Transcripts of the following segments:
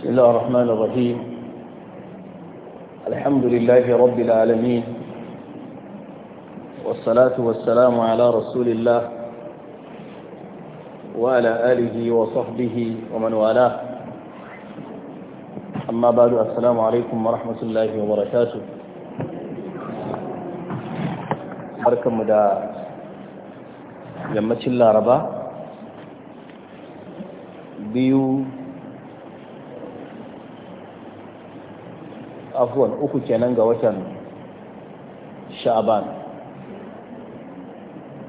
بسم الله الرحمن الرحيم الحمد لله رب العالمين والصلاة والسلام على رسول الله وعلى آله وصحبه ومن والاه أما بعد السلام عليكم ورحمة الله وبركاته دا لما yammacin ربا بيو afwan uku kenan ga watan sha'aban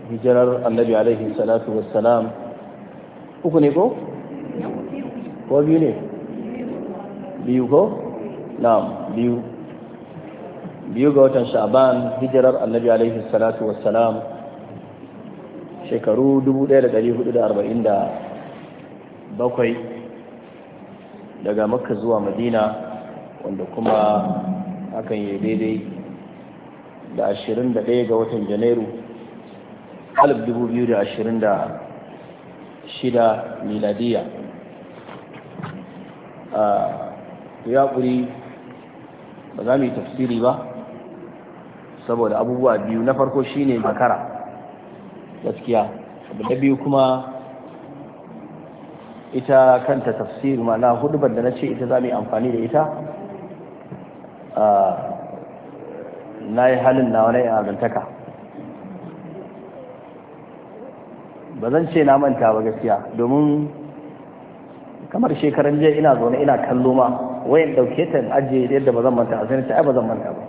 hijirar annabi alaihi salatu wassalam uku ne ko? ko biyu ne? biyu ko? na'am biyu biyu ga watan sha'aban hijirar annabi alaihi salatu wassalam shekaru 1447 daga makka zuwa madina wanda kuma hakan ya daidai da 21 ga watan janairu 2026 miladiya ya kuri ba za mu yi tafsiri ba saboda abubuwa biyu na farko shine makara gaskiya abu da biyu kuma ita kanta tafsiri ma na hudubar da na ce ita za mu yi amfani da ita na yi halin na wani azantaka ba zan ce na manta ba gaskiya domin kamar shekaran jiya ina zaune ina kallo ma wayan dauke ta ajiye yadda ba zan manta a sanar ai ba zan manta ba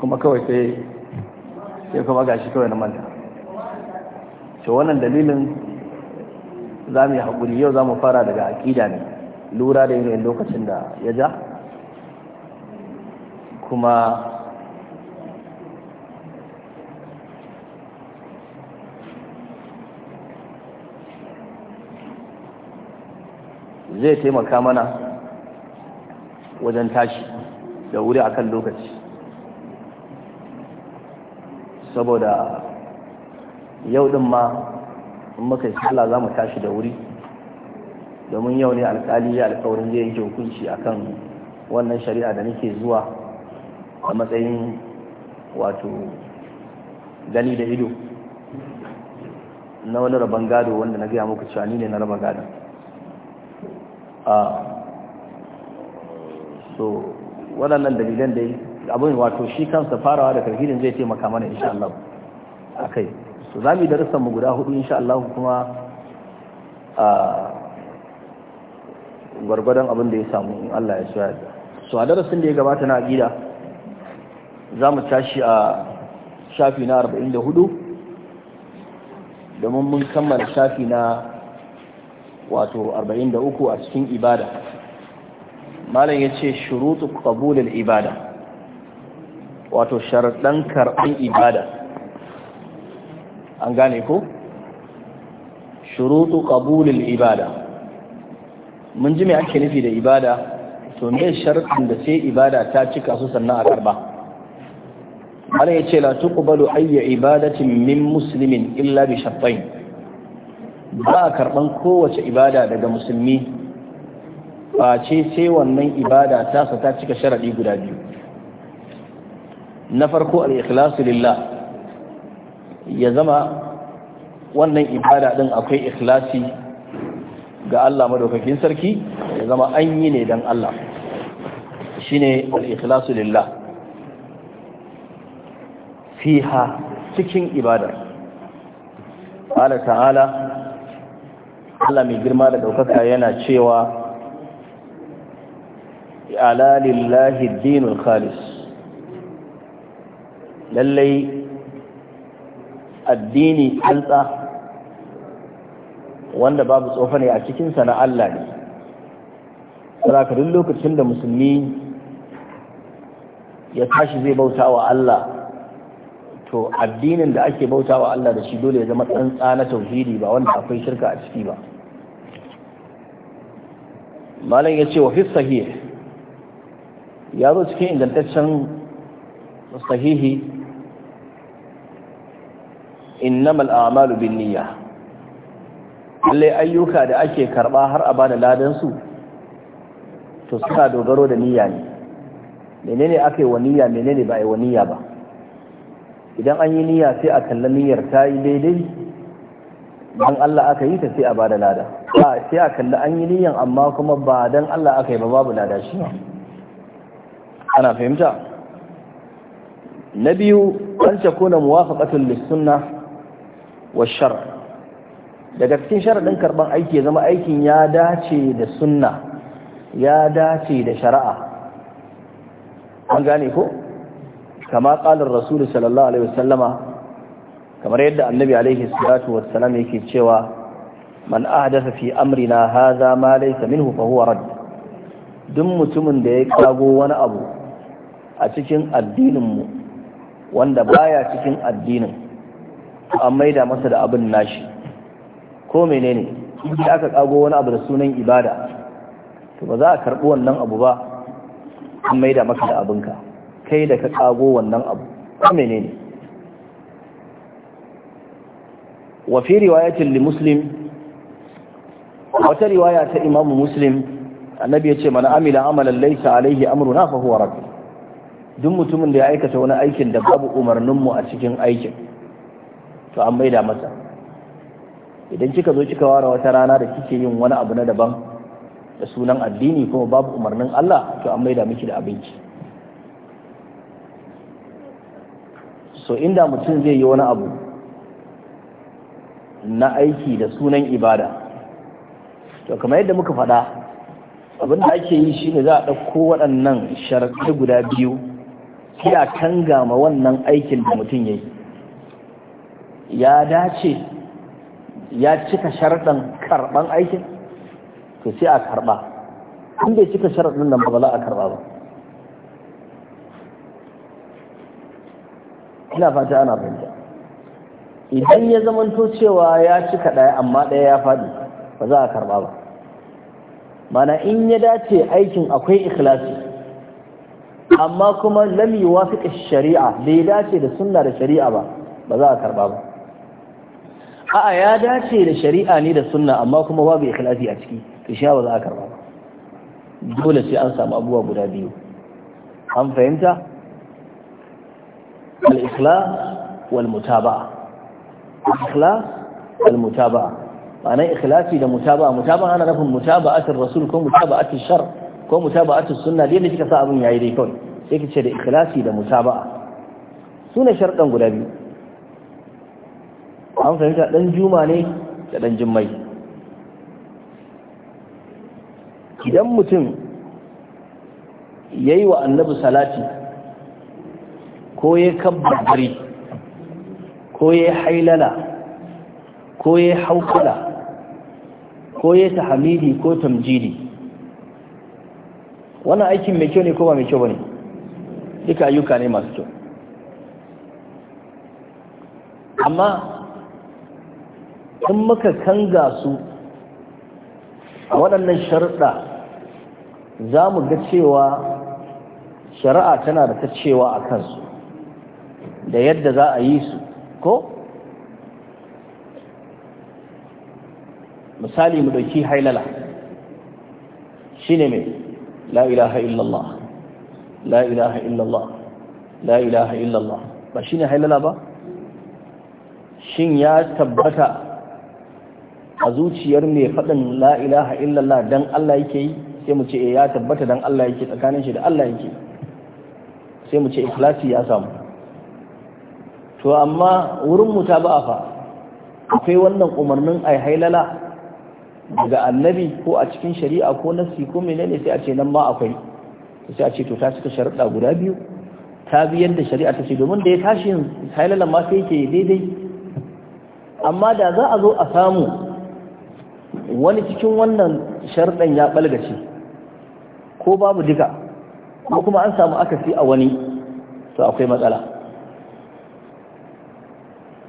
kuma kawai sai sai kuma gashi kawai na manta to wannan dalilin za mu yi haƙuri yau za mu fara daga aƙida ne lura da yanayin lokacin da ya ja kuma zai taimaka mana wajen tashi da wuri akan lokaci saboda yau din ma in muka yi sallah za mu tashi da wuri domin yau ne alkali ya alkawarin zai yanke hukunci akan wannan shari'a da nake zuwa a matsayin wato gani da ido na wani rabon gado wanda na gaya muku cewa ni ne na raba gado so waɗannan dalilan dai abin wato shi kansa farawa da karfinin zai taimaka mana insha Allah a kai so za mu yi darussan mu guda hudu insha Allah kuma gwargwadon abin da ya samu in Allah ya so ya so a darasin da ya gabata na gida za mu tashi a shafi na 44 domin mun kammala shafi na wato 43 a cikin ibada malam ya ce shurutu qabulul ibada wato sharaɗan karɓar ibada an gane ko shurutu qabulul ibada mun ji mai ake nufi da ibada to me sharɗin da sai ibada ta cika su sannan a karba har ya ce la tuqbalu ayyu ibadatin min musulmin illa bi ba a karɓan kowace ibada daga musulmi ba ce sai wannan ibada ta sa ta cika sharaɗi guda biyu na farko al-ikhlasu lillah ya zama wannan ibada ɗin akwai ikhlasi ga Allah madaukakin sarki ya zama an yi ne don Allah shine al-ikhlasu lillah fiha cikin ibada. Allah ta'ala Allah mai girma da ɗaukaka yana cewa ala lillahi dinul khalis lallai addini tsantsa wanda babu tsofa ne a cikinsa na Allah ne duk lokacin da musulmi ya tashi zai bauta wa Allah to addinin da ake bauta wa Allah da shi dole ya zama tsantsa na tauhidi ba wanda akwai shirka a ciki ba malam ya ce wa fi sahih ya zo cikin ingantaccen sahihi innamal a'malu bin niyya lallai ayyuka da ake karba har a bada ladan su to suna dogaro da niyya ne menene aka yi wa niyya menene ba a yi wa niyya ba idan an yi niyya sai a kalla niyyar ta yi daidai don Allah aka yi ta sai a ba da lada sai a kalla an yi niyyan amma kuma ba don Allah aka yi ba babu lada shi ana fahimta na biyu an ce kuna muwafaqatul lissunna wa shara daga cikin sharadin karban aiki ya zama aikin ya dace da sunna ya dace da shari'a an gane ko kama qalar rasul sallallahu alaihi wasallama kamar yadda annabi alaihi salatu wassalam yake cewa man ahdatha fi amrina hadha ma laysa minhu fa huwa rad duk mutumin da ya kago wani abu a cikin addinin mu wanda baya cikin addinin an maida masa da abin nashi ko menene idan aka kago wani abu da sunan ibada to ba za a karbi wannan abu ba an maida maka da abinka kai da ka kago wannan abu ko menene wa fi riwayatin li muslim wata riwaya ta imamu muslim annabi ya ce mana amila amalan laysa alaihi amruna fa huwa rabb duk mutumin da ya aikata wani aikin da babu umarnin mu a cikin aikin to an maida masa idan kika zo kika ware wata rana da kike yin wani abu na daban da sunan addini kuma babu umarnin Allah to an maida miki da abinci so inda mutum zai yi wani abu na aiki da sunan ibada to kamar yadda muka faɗa abin da ake yi shine za a ɗauko waɗannan sharaɗe guda biyu ya a ma wannan aikin da mutum ya yi ya dace ya cika sharaɗin karɓan aikin to sai a karɓa inda bai cika sharaɗin nan ba za a karɓa ba ina fata ana fahimta idan ya zamanto cewa ya cika ɗaya amma ɗaya ya faɗi ba za a karɓa ba mana in ya dace aikin akwai ikhlasi amma kuma lami lam yuwafiq shari'a bai dace da sunna da shari'a ba ba za a karɓa ba a'a ya dace da shari'a ne da sunna amma kuma babu ikhlasi a ciki to shi ba za a karɓa ba dole sai an samu abubuwa guda biyu an fahimta al-ikhlas wal mutaba'a ikhlas wal mutaba'a ma'anar ikhlasi da mutaba'a mutaba'a ana nufin mutaba'atul rasul ko mutaba'atul shar ko mutaba'atul sunna dai ne kika sa abin yayi dai kawai sai kace da ikhlasi da mutaba'a sune sharɗan guda biyu an fahimta dan juma ne da dan jummai idan mutum yayi wa annabi salati ko ya kabbari ko ya hailala ko ya haukula ko ya tahamidi ko tamjidi wannan aikin mai kyau ne ko ba mai kyau ba ne duka ayyuka ne masu kyau amma in muka kanga su a waɗannan sharɗa za mu ga cewa shari'a tana da ta cewa a kansu da yadda za a yi su ko misali mu ɗauki hailala shine mai la ilaha illallah la ilaha illallah la ilaha illallah ba shine hailala ba shin ya tabbata a zuciyar mai faɗin la ilaha illallah dan Allah yake yi sai mu ce eh, ya tabbata dan Allah yake tsakanin shi da Allah yake sai mu ce ikhlasi ya samu to amma wurin mutaba'a fa akwai wannan umarnin ai hailala daga annabi ko a cikin shari'a ko nassi ko menene sai a ce nan ma akwai sai a ce to ta cika sharuɗa guda biyu ta bi yadda shari'a ta ce domin da ya tashi hailalan ma sai yake daidai amma da za a zo a samu wani cikin wannan sharuɗan ya ɓalgace ko babu duka ko kuma an samu akasi a wani to akwai matsala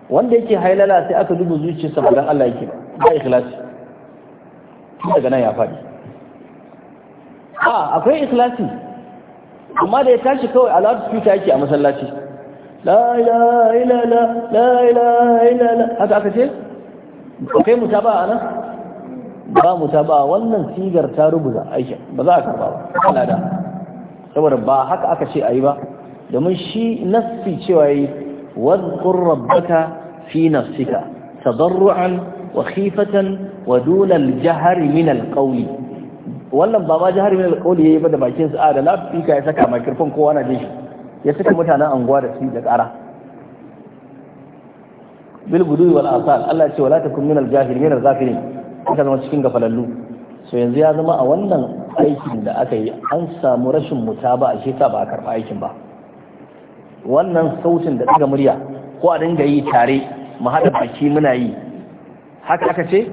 wanda yake hailala sai aka duba zuciyarsa ba dan Allah yake ba ikhlasi daga nan ya faɗi a akwai ikhlasi amma da ya tashi kawai a loudspeaker yake a masallaci la ilaha illallah la ilaha illallah haka aka ce akwai mutaba a nan ba mutaba wannan sigar ta rubuta aikin ba za a karba ba ana da saboda ba haka aka ce a yi ba domin shi nassi cewa yi واذكر ربك في نفسك تضرعا وخيفة ودون الجهر من القول wannan ba ma jihar min alƙawli yi ba da bakin Sa'a da lafika ya saka microphone kowa na jin ya saka mutanen anguwa da su da ƙara bil gudu wal asal Allah ya ce wala takun min al jahil min al ka zama cikin gafalallu so yanzu ya zama a wannan aikin da aka yi an samu rashin mutaba a shi ba a karɓa aikin ba wannan sautin da daga murya ko a dinga yi tare mu haɗa baki muna yi haka aka ce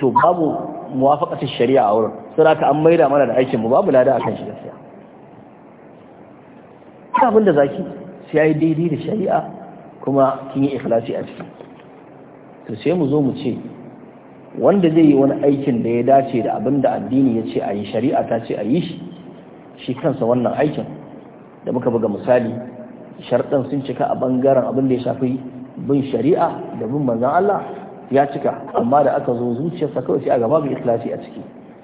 to babu muwafaqatin shari'a a wurin sai ka an maida mana da aikin mu babu lada akan shi gaskiya ta abin zaki sai yi daidai da shari'a kuma kin yi ikhlasi a ciki to sai mu zo mu ce wanda zai yi wani aikin da ya dace da abinda addini ya ce a yi shari'a ta ce a yi shi shi kansa wannan aikin da muka buga misali sharɗan sun cika a bangaren abin da ya shafi bin shari'a da bin manzan Allah ya cika amma da aka zo zuciyarsa kawai sai a gaba bai ikhlasi a ciki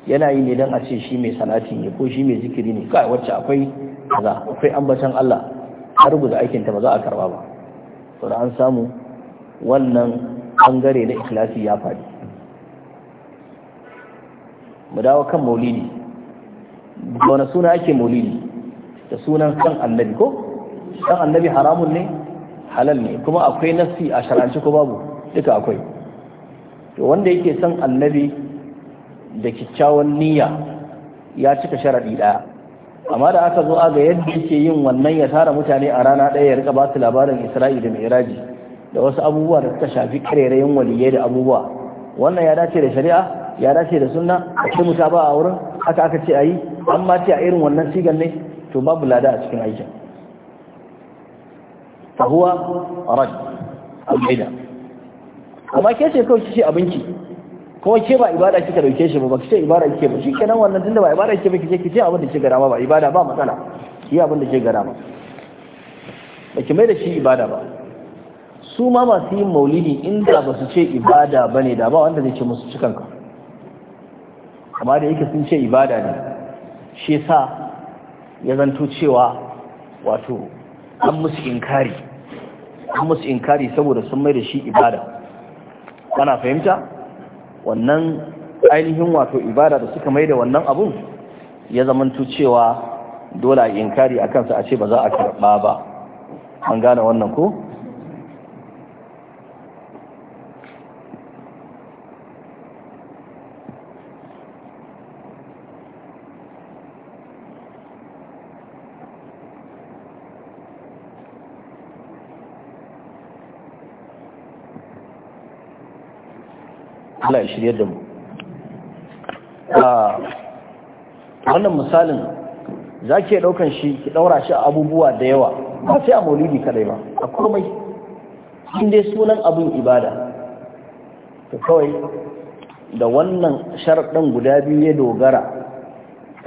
yana yi ne dan a ce shi mai salati ne ko shi mai zikiri ne kai wacce akwai kaza akwai ambatan Allah har guda aikin ta ba za a karba ba to an samu wannan bangare na ikhlasi ya faɗi mu dawo kan maulidi da wani suna ake maulidi da sunan kan annabi ko dan annabi haramun ne halal ne kuma akwai nafsi a shar'anci ko babu duka akwai to wanda yake son annabi da kyakkyawan niyya ya cika sharadi daya amma da aka zo ga yadda yake yin wannan ya tara mutane a rana daya ya rika ba su labarin Isra'i da Mi'raji da wasu abubuwa da suka shafi karerayen waliyyai da abubuwa wannan ya dace da shari'a ya dace da sunna a cikin mutaba ba a wurin haka aka ce a yi amma ce a irin wannan sigan ne to babu lada a cikin aikin fahuwa rad al'ida amma ke ce kawai kice abinci kuma ke ba ibada kika dauke shi ba ba kice ibada kike ba shikenan wannan tunda ba ibada kike ba kice kice abun da kike gara ba ibada ba matsala ki abun da kike gara ba ba ki mai da shi ibada ba su ma masu yin maulidi inda ba su ce ibada bane da ba wanda zai ce musu cikanka amma da yake sun ce ibada ne shi sa ya zanto cewa wato an musu inkari an musu inkari saboda sun mai da shi ibada kana fahimta wannan ainihin wato ibada da suka mai da wannan abun ya tu cewa dole a yi inkari a kansa a ce ba za a karɓa ba an gane wannan ko Allah ya shirye da mu wannan misalin za ke ɗaukan shi ki ɗaura shi a abubuwa da yawa ba sai a maulidi kadai ba a komai in dai sunan abin ibada to kawai da wannan sharaɗin guda biyu ya dogara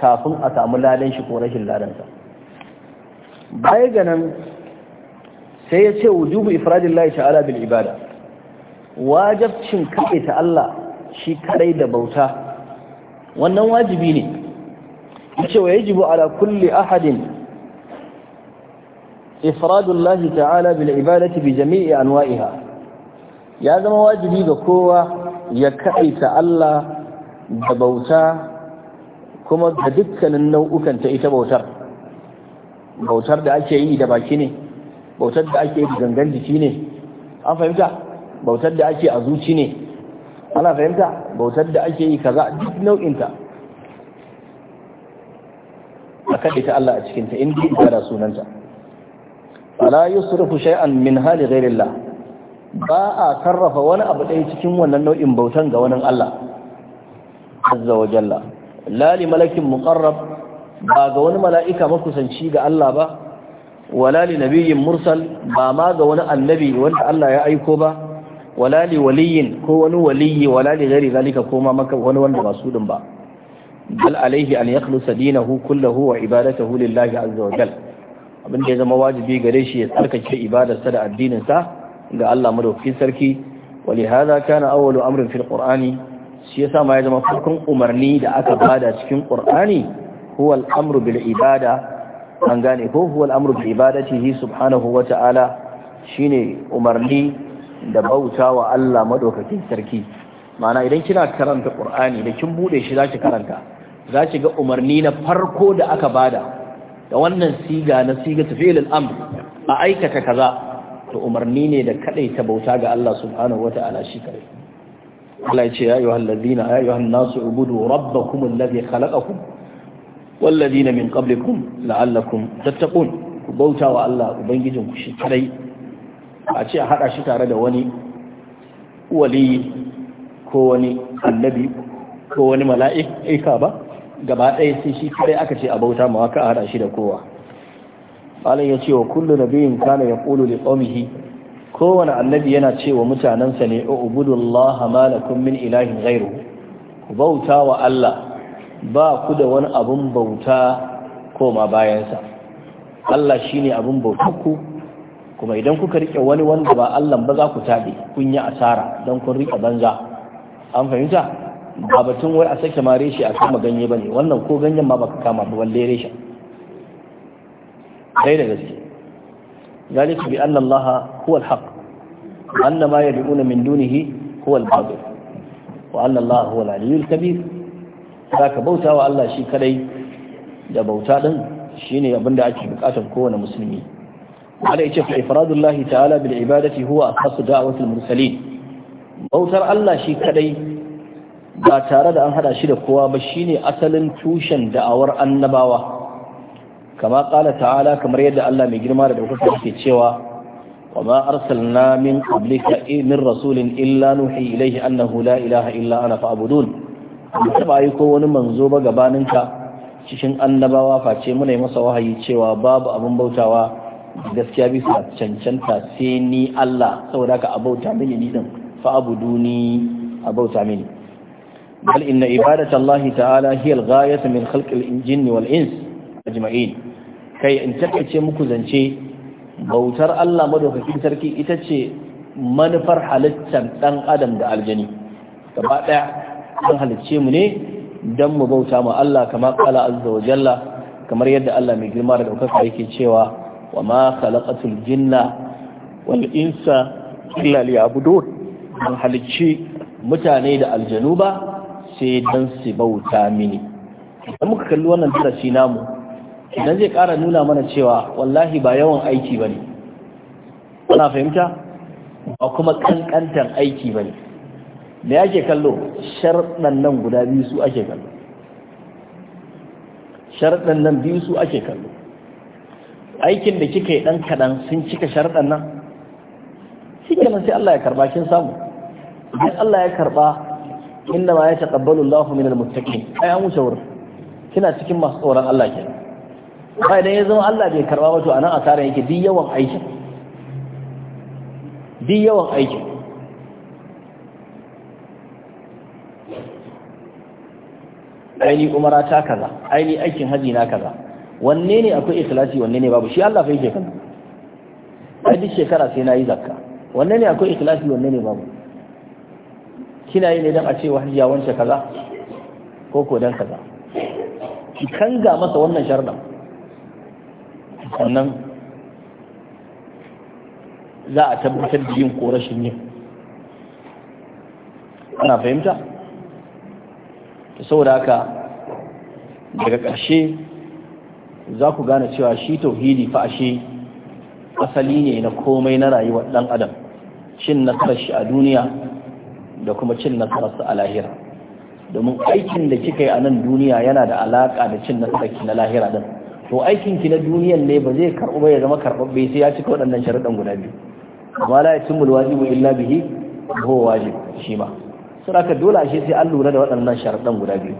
kafin a samu ladan shi ko rashin ladansa baya ga nan sai ya ce wujubu ifradillahi ta'ala bil ibada wajabcin ta Allah shi kadai da bauta wannan wajibi ne ce wa yajibu ala kulli ahadin ifradullahi ta'ala bil ibadati bi jami'i anwa'iha ya zama wajibi ga kowa ya ta Allah da bauta kuma da dukkanin nau'ukan ta ita bautar bautar da ake yi da baki ne bautar da ake yi da gangan jiki ne an fahimta bautar da ake a zuci ne ana fahimta bautar da ake yi kaza duk nau'inta a kaɗe ta Allah a cikinta in duk da sunanta ala yusrifu shay'an min hali ghairillah ba a sarrafa wani abu ɗaya cikin wannan nau'in bautan ga wani Allah azza wa jalla lali li malakin muqarrab ba ga wani mala'ika makusanci ga Allah ba wala li nabiyyin mursal ba ma ga wani annabi wanda Allah ya aiko ba Walali waliyyin ko wani waliyi wala li gari zalika ko maka wani wanda ba sudin ba bal alaihi an dinahu kullahu wa ibadatuhu lillahi azza wa jal ya zama wajibi gare shi ya tsarkake ibadarsa da addinin sa ga Allah madaukakin sarki wa li hadha kana awwalu amrin fil qur'ani shi yasa ma ya zama farkon umarni da aka bada cikin qur'ani huwa al amru bil ibada an gane ko huwa al amru bi ibadatihi subhanahu wa ta'ala shine umarni da bauta wa Allah madaukakin sarki ma'ana idan kina karanta Qur'ani da kin bude shi zaki karanta zaki ga umarni na farko da aka bada da wannan siga na siga tafilul amr a aikata kaza to umarni ne da ta bauta ga Allah subhanahu wata'ala shi kare Allah ya ce ya ayyuhal ladina ya ayyuhan nasu ubudu rabbakum alladhi khalaqakum wal ladina min qablikum la'allakum tattaqun ku bauta wa Allah ku shi kadai a ce a haɗa shi tare da wani wali ko wani annabi ko wani mala'ika ba gaba ɗaya sai shi kadai aka ce a bauta ma aka haɗa shi da kowa malam ya ce wa kullu biyun kana ya ƙulu li qaumihi kowane annabi yana ce wa mutanensa ne ubudullaha ma lakum min ilahin gairu ku bauta wa Allah ba ku da wani abun bauta koma bayansa Allah shi ne abin bautar ku kuma idan kuka rike wani wanda ba Allah ba za ku tabe kun yi asara don kun rike banza an fahimta ba batun wai a sake ma reshe a kama ganye bane wannan ko ganyen ma baka kama ba balle reshe dai da gaske zalika bi anna Allah huwa al-haq anna ma yad'una min dunihi huwa al-batil wa anna Allah huwa al-aliyyul kabir zaka bauta wa Allah shi kadai da bauta din shine abinda ake bukatar kowane musulmi ala yace fa ifradullahi ta'ala bil ibadati huwa asas da'watil mursalin bautar Allah shi kadai ba tare da an hada shi da kowa ba shine asalin tushen da'awar annabawa kama qala ta'ala kamar yadda Allah mai girma da daukaka yake cewa wa ma arsalna min qablika min rasulin illa nuhi ilayhi annahu la ilaha illa ana fa'budun ba taba yi ko wani manzo ba gabaninka cikin annabawa face muna yi masa wahayi cewa babu abin bautawa gaskiya bisa cancanta sai ni Allah saboda ka abauta mini ni din fa abuduni abauta mini bal inna ibadata Allah ta'ala hiya al-ghayatu min khalqi al-jinn wal ins ajma'in kai in takace muku zance bautar Allah madaukakin sarki ita ce manufar halittar dan adam da aljani gaba daya an halicce mu ne dan mu bauta ma Allah Kamar qala azza wa jalla kamar yadda Allah mai girma da daukaka yake cewa wa ma khalaqatul jinna wal insa illa liya'budun an halicci mutane da aljanu ba sai dan su bauta mini idan muka kalli wannan darasi namu idan zai ƙara nuna mana cewa wallahi ba yawan aiki bane kana fahimta ba kuma kankantan aiki bane me yake kallo sharɗan nan guda biyu su ake kallo sharɗan nan biyu su ake kallo aikin da kika yi dan kaɗan sun cika sharɗan nan nan sai Allah ya karɓa kin samu idan Allah ya karɓa inda ma ƙabbalu Allahu minal muttaqin ai an wuce wurin kina cikin masu tsoron Allah ke ba idan ya zama Allah bai karɓa ba to a asara yake duk yawan aikin duk yawan aikin aini umara ta kaza aini aikin haji na kaza wanne ne akwai ikhlasi wanne ne babu shi Allah fa yake kan ai duk shekara sai na yi zakka wanne ne akwai ikhlasi wanne ne babu kina yi ne don a ce wa hajiya wance kaza ko ko dan kaza ki kanga masa wannan sharda sannan za a tabbatar da yin korashin yin ana fahimta saboda haka daga ƙarshe za ku gane cewa shi tauhidi fa ashe asali ne na komai na rayuwar dan adam cin nasarar shi a duniya da kuma cin nasarar sa a lahira domin aikin da kika yi a nan duniya yana da alaka da cin nasarar ki na lahira din to aikin ki na duniyan ne ba zai karɓi ba ya zama karɓaɓɓe sai ya cika waɗannan sharuɗan guda biyu amma la yatimul wajibu illa bihi huwa wajib shi ma aka dole ashe sai an lura da waɗannan sharuɗan guda biyu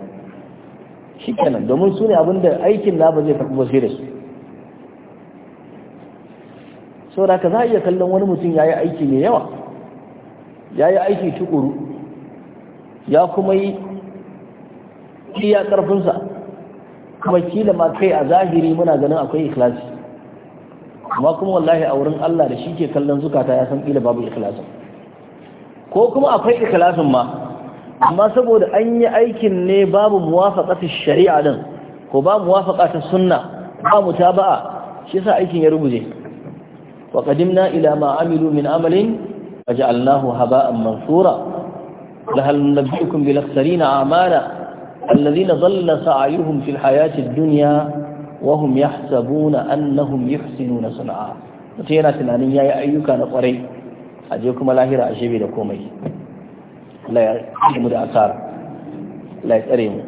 shi kenan domin su ne abinda aikin na ba zai faɗi ba sai da su sau da ka za a iya kallon wani mutum ya yi aiki mai yawa ya yi aiki tukuru ya kuma yi iya ƙarfinsa kuma kila ma kai a zahiri muna ganin akwai ikhlasi amma kuma wallahi a wurin Allah da shi ke kallon zukata ya san kila babu ikilasin ko kuma akwai ikhlasin ma amma saboda an yi aikin ne babu muwafaqatul shari'a din ko ba ta sunna ba mutaba'a shi yasa aikin ya rubuje wa qadimna ila ma amilu min amalin faj'alnahu haba'an mansura lahal nabiyukum bil akhsarina a'mala alladhina dhalla sa'yuhum fil hayati ad-dunya wa hum yahsabuna annahum yuhsinuna sun'a mutum yana tunanin yayi ayyuka na kwarai aje kuma lahira ashebe da komai Allah ya da asara ya tsare mu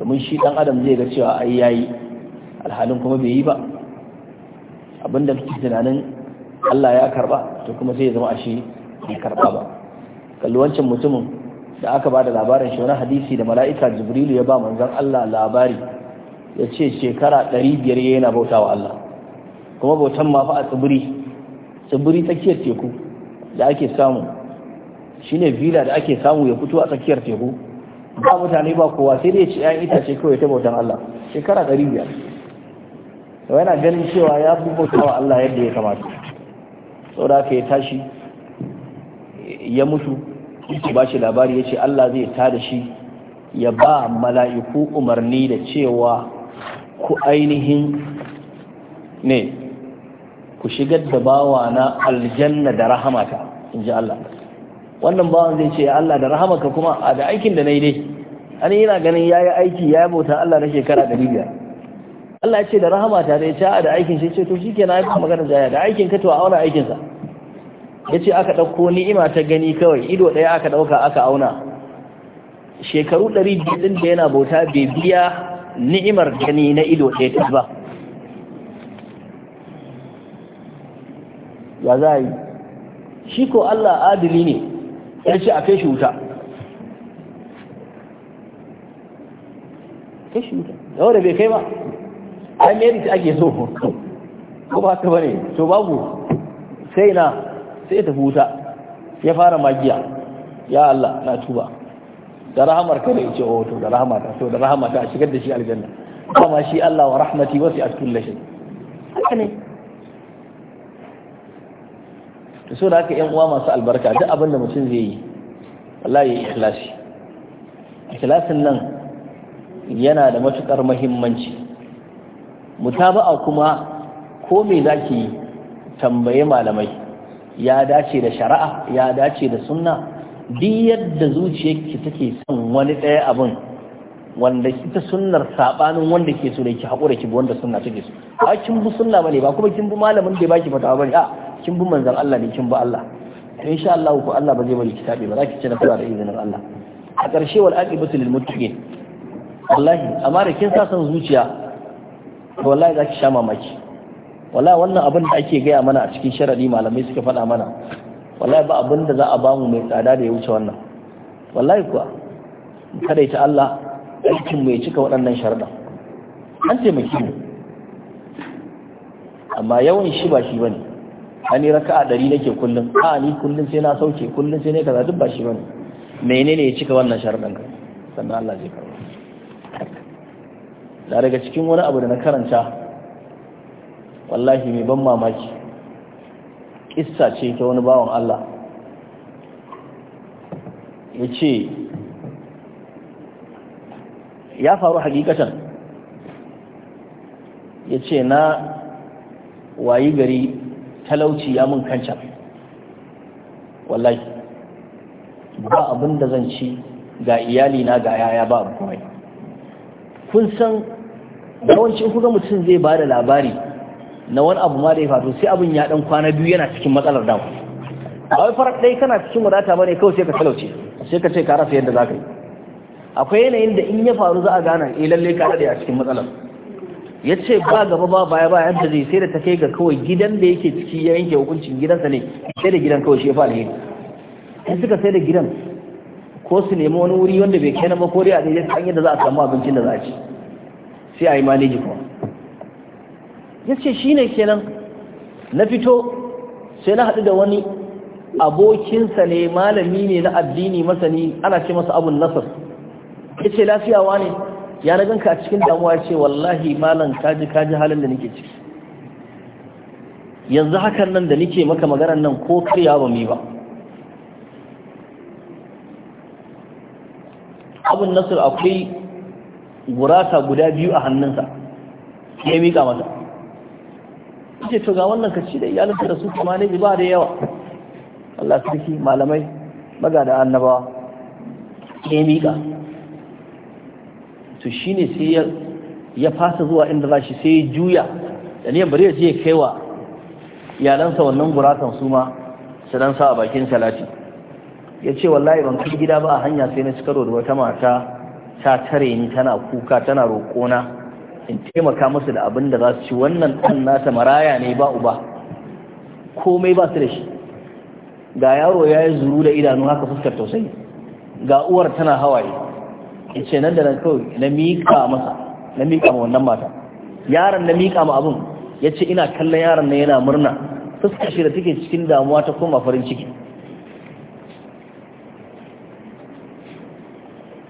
domin shi adam zai ga cewa ai yayi alhalin kuma bai yi ba abinda kake tunanin Allah ya karba to kuma sai ya zama ashi bai karba ba Kallon wancan mutumin da aka ba da labarin shi wani hadisi da mala'ika jibrilu ya ba manzon Allah labari ya ce shekara ɗari biyar yana bauta wa Allah kuma bautan ma fa a tsibiri tsibiri tsakiyar teku da ake samu shine villa da ake samu ya fito a tsakiyar teku ba mutane ba kowa sai dai ci ƴaƴan itace kawai ta bautan Allah shekara ɗari biyar to yana ganin cewa ya fi bautawa Allah yadda ya kamata saboda haka ya tashi ya mutu ya ba shi labari ya ce Allah zai ta da shi ya ba mala'iku umarni da cewa ku ainihin ne ku shigar da bawa na aljanna da rahamata in ji Allah wannan bawan zai ce Allah da rahamaka kuma a da aikin da na yi dai an na ganin ya yi aiki ya yi bautan Allah na shekara ɗari biyar Allah ya ce da rahama ta dai ta da aikin shi ce to shi ke na yi magana jaya da aikin ka to a auna aikinsa ya ce aka ɗauko ni'ima ta gani kawai ido ɗaya aka ɗauka aka auna shekaru ɗari ɗin da yana bauta bai biya ni'imar gani na ido ɗaya ta ba ya za a yi shi ko Allah adili ne ya ce a kai shi wuta kai shi wuta da wadda bai kai ba ai ta ake so ko ba ta bane to babu sai na sai ta tafi wuta ya fara magiya ya Allah na tuba da rahamar ka da ce oh to da rahama ta to da rahama ta shigar da shi aljanna kuma shi Allah wa rahmati wasi'at kulli shay haka ne to so da haka yan uwa masu albarka duk abin da mutum zai yi wallahi ya ikhlasi ikhlasin nan yana da matukar muhimmanci mutaba'a kuma ko me zaki tambaye malamai ya dace da shari'a ya dace da sunna duk yadda zuciyarki take son wani ɗaya abin wanda ita sunnar sabanin wanda ke so da ki haƙura ki bi wanda sunna take so a kin bi sunna bane ba kuma kin bi malamin da ya baki fatawa bane a kin bi manzon Allah ne kin bi Allah to insha Allah ku Allah ba zai bari ki tabe ba za ki ci nasara da izinin Allah a ƙarshe wal aqibatu lil muttaqin wallahi amma da kin sa san zuciya to wallahi za ki sha mamaki wallahi wannan abin da ake gaya mana a cikin sharadi malamai suka faɗa mana wallahi ba abin da za a bamu mai tsada da ya wuce wannan wallahi kuwa kada ita Allah aikin mai cika waɗannan sharadan an taimaki mu amma yawan shi ba shi bane ani raka ɗari nake kullum a ni kullum sai na sauke kullum sai ne ka duk ba shi bane menene ya cika wannan sharuɗan ka sannan Allah zai karɓa da daga cikin wani abu da na karanta wallahi mai ban mamaki kissa ce ta wani bawan Allah ya ce ya faru hakikatan ya ce na wayi gari talauci ya mun kancan wallahi ba abin da zan ci ga iyali na ga yaya ba abu kuma kun san yawancin kuga mutum zai ba da labari na wani abu ma da ya faru sai abin ya dan kwana biyu yana cikin matsalar da a wai farar ɗaya kana cikin wadata bane kawai sai ka talauce sai ka ce ka rasa yadda za ka yi akwai yanayin da in ya faru za a gana ilalle eh, ka daɗe a cikin matsalar ya ce ba gaba ba baya ba yadda zai sai da ta kai ga kawai gidan da yake ciki ya yanke hukuncin gidansa ne sai da gidan kawai shi ya fara in suka sai da gidan ko su nemi wani wuri wanda bai kai na makori a daidai ta hanyar da za a samu abincin da za a ci sai a yi maneji kuma ya ce shi ne kenan na fito sai na haɗu da wani abokinsa ne malami ne na addini masani ana ce masa abun nasar ya ce lafiyawa ne ya na ganka a cikin damuwa ce wallahi malam kaji kaji halin da nake ciki yanzu hakan nan da nake maka maganar nan ko karya ba mi ba abun nasir akwai gurasa guda biyu a hannunsa ya miƙa masa ce to ga wannan kaci da iyalinka da su kuma ne ba da yawa Allah sarki malamai magada annabawa ya miƙa to shi ne sai ya fasa zuwa inda za shi sai ya juya da ne bari ya je ya kaiwa iyalansa wannan guratan su ma su dan sa a bakin salati ya ce wallahi ban kai gida ba a hanya sai na ci karo da wata mata ta tare ni tana kuka tana roƙona in taimaka musu da abin da za su ci wannan ɗan nata maraya ne ba uba komai ba su da shi ga yaro ya yi zuru da idanu haka fuskar tausayi ga uwar tana hawaye in ce nan da nan kawai na miƙa masa na miƙa ma wannan mata yaron na miƙa ma abun ya ce ina kallon yaron na yana murna fuskar shi da take cikin damuwa ta koma farin ciki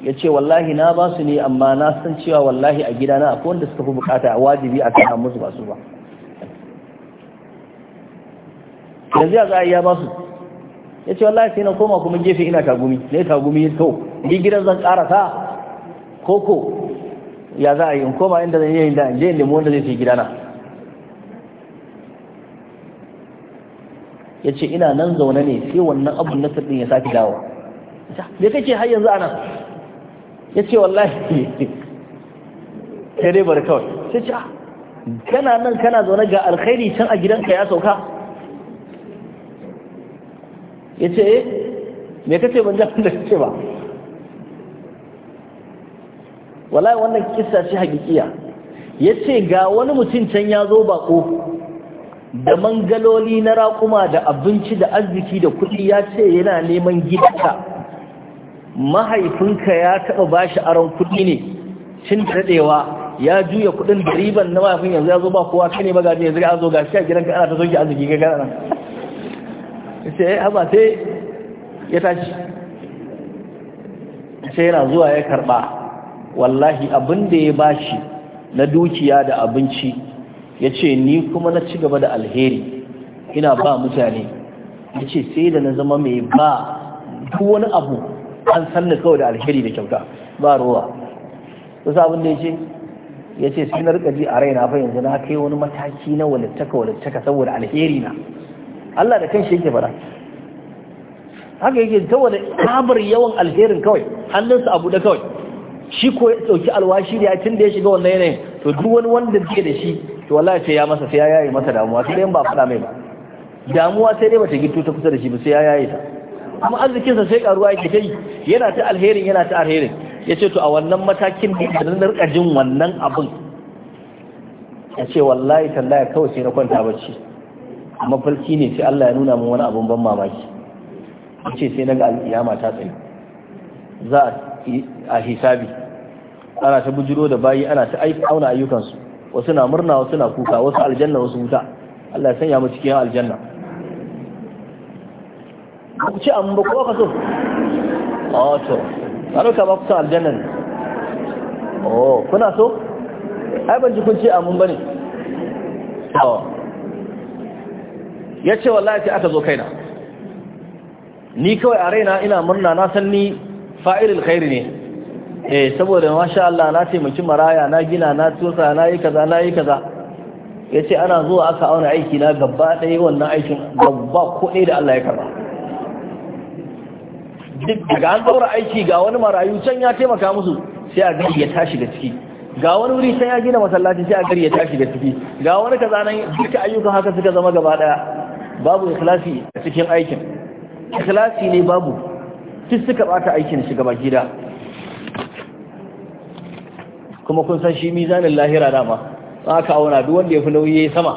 ya ce wallahi na ba su ne amma na san cewa wallahi a gida na akwai wanda suka fi bukata wajibi a kan musu ba su ba yanzu ya za'a ya ba su ya ce wallahi sai na koma kuma gefe ina kagumi ne tagumi to ni gidan zan karasa koko ya za a yi in koma inda zan yi da in je in da wanda zai fi gidana ya ce ina nan zaune ne sai wannan abun na sirrin ya sake dawo da kake har yanzu anan ya ce wallahi sai dai bari kawai sai ce ah, kana nan kana zaune ga alkhairi can a gidanka ya sauka ya ce eh me kace ban ja da kace ba wallahi wannan kissa ce hakikiya yace ga wani mutum can ya zo bako da mangaloli na raƙuma da abinci da arziki da kuɗi ya ce yana neman gidanka mahaifinka ya taɓa bashi aron kuɗi ne cin daɗewa ya juya kuɗin da riban na mahaifin yanzu ya zo ba kowa kane ne magaji yanzu ya zo ga shi a gidanka ana ta soke arziki ga gara sai ya haɓa sai ya tashi sai yana zuwa ya karɓa wallahi abin da ya bashi na dukiya da abinci ya ce ni kuma na ci gaba da alheri ina ba mutane ya ce sai da na zama mai ba duk wani abu an sannu kawai da alheri da kyauta ba ruwa wasu abin da ya ce ya ce sai na rika ji a raina fa yanzu na kai wani mataki na walittaka walittaka saboda alheri na Allah da shi yake fara haka yake saboda kabar yawan alherin kawai hannunsa abu da kawai shi ko ya dauki alwashi da tun da ya shiga wannan yanayin to duk wani wanda zai da shi to wallahi sai ya masa sai ya yayi masa damuwa sai dai ba faɗa mai ba damuwa sai dai bata gito ta kusa da shi ba sai ya yayi ta amma arzikin sa sai karuwa yake kai yana ta alherin yana ta alherin yace to a wannan matakin da na rika jin wannan abin yace wallahi tallahi kawai sai na kwanta bacci amma falki ne sai Allah ya nuna min wani abun ban mamaki yace sai naga alƙiyama ta tsaye za a hisabi ana ta bujiro da bayi ana ta auna ayyukansu wasu na murna wasu na kuka wasu aljanna wasu wuta Allah ya sanya mu cikin aljanna ku ci an ba ku ka so oh to an ka ba ku san aljanna ne oh kuna so ai ban ji kun ce amun bane to yace wallahi aka zo kaina ni kawai a raina ina murna na san ni fa'ilul khair ne eh saboda masha Allah na taimaki maraya na gina na tosa na yi kaza na yi kaza yace ana zuwa aka auna aiki na gaba ɗaya wannan aikin gaba ko ɗaya da Allah ya karba duk daga an daura aiki ga wani marayu can ya taimaka musu sai a gari ya tashi da ciki ga wani wuri sai ya gina masallaci sai a gari ya tashi da ciki ga wani kaza nan duka ayyukan haka suka zama gaba ɗaya babu ikhlasi a cikin aikin ikhlasi ne babu duk suka bata aikin shi gaba gida kuma kun san shi mizanin lahira dama za ka auna duk wanda ya fi nauyi ya yi sama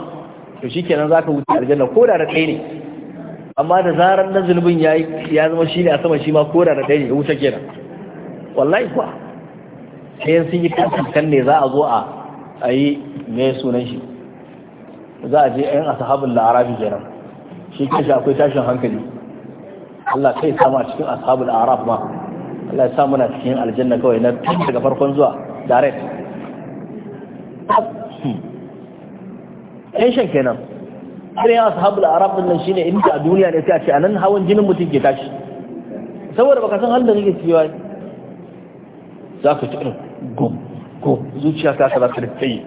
to shi kenan za ka wuce aljanna ko da da ɗaya ne amma da zarar na zunubin ya zama shi ne a sama shi ma ko da da ɗaya ne ya wuce kenan wallahi kuwa sai sun yi kan ne za a zo a a yi mai sunan shi za a je yan ashabul la'arabi kenan shi shi akwai tashin hankali Allah kai sama cikin ashabul arab ma Allah ya sa muna cikin aljanna kawai na tun daga farkon zuwa direct ɗan shan kenan har irin ashabul arab din nan shine inda a duniya ne sai a ce anan hawan jinin mutum ke tashi saboda baka san halin da nake cewa za ka ci irin gum gum zuciya ta ka za ka rike yi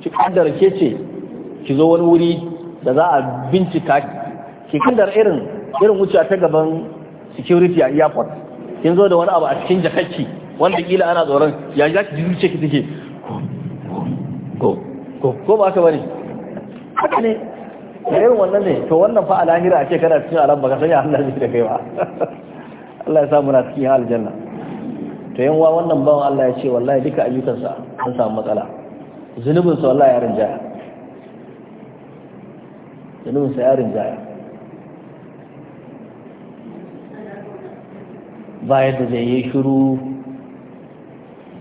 ki kandar ke ce ki zo wani wuri da za a bincika ki kandar irin irin wuciya ta gaban security a airport kin zo da wani abu a cikin jakakki wanda kila ana tsoron ya za ki jirgin ki take ko ko ko ba ka bane haka ne da wannan ne to wannan fa alahira a kana cikin alam ka sanya Allah ne da kai ba Allah ya sa na cikin aljanna to yan wannan bawan Allah ya ce wallahi duka ayyukansa an samu matsala Zunubinsa sa wallahi ya rinja zunubin sa ya ba yadda zai yi shiru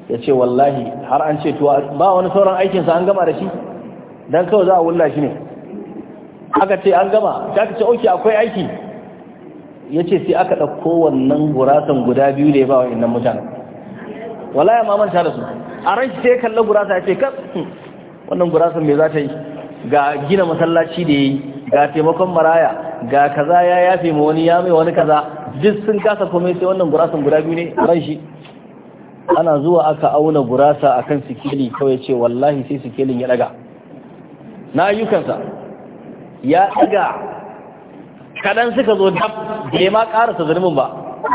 ya ce wallahi har an ce tuwa ba wani sauran aikinsa an gama da shi don kawai za a wulla shi ne aka ce an gama ta ce oke akwai aiki ya ce sai aka ɗauko wannan gurasan guda biyu da ya ba wa innan mutane wallahi ma manta da su a ran shi sai kalla gurasa ya ce kan wannan gurasan me za ta yi ga gina masallaci da ya yi ga taimakon maraya ga kaza ya yafe ma wani ya mai wani kaza duk sun kasa komai sai wannan gurasan guda biyu ne ran shi ana zuwa aka auna gurasa akan sikeli kawai ce wallahi sai sikelin ya daga na ayyukansa ya daga kadan suka zo dab ya ma karasa zurmin ba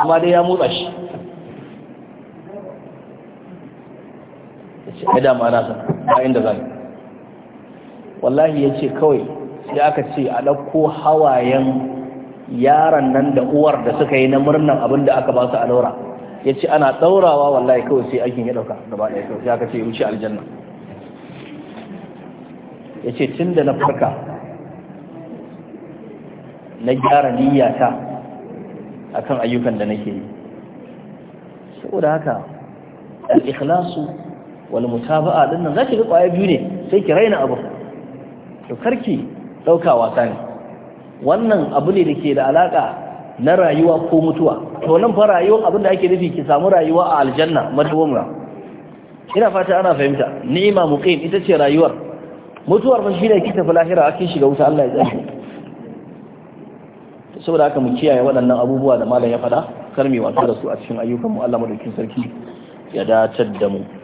amma dai ya motsa shi ce da ma nasa san ba inda zan wallahi ya ce kawai sai aka ce a ɗauko hawayen yaran nan da uwar da suka yi na murnan abin da aka ba su a laura ya ce ana ɗaurawa wallahi kawai sai aikin ya ɗauka gaba ɗaya kawai ya ce wuce aljanna ya ce tun da na farka na gyara niyyata kan ayyukan da nake yi saboda haka al-ikhlasu wal mutaba'a za zaki ga kwaya biyu ne sai ki raina abu to karki ɗauka wasa ne wannan abu ne da ke da alaƙa na rayuwa ko mutuwa to nan fa rayuwar abin da ake nufi ki samu rayuwa a aljanna madawamra ina fata ana fahimta ni'ima muqim ita ce rayuwar mutuwar fa shine ki tafi lahira kin shiga wuta Allah ya tsare saboda haka mu kiyaye waɗannan abubuwa da malam ya faɗa kar mu wato da su a cikin ayyukan mu Allah madaukakin sarki ya datar da mu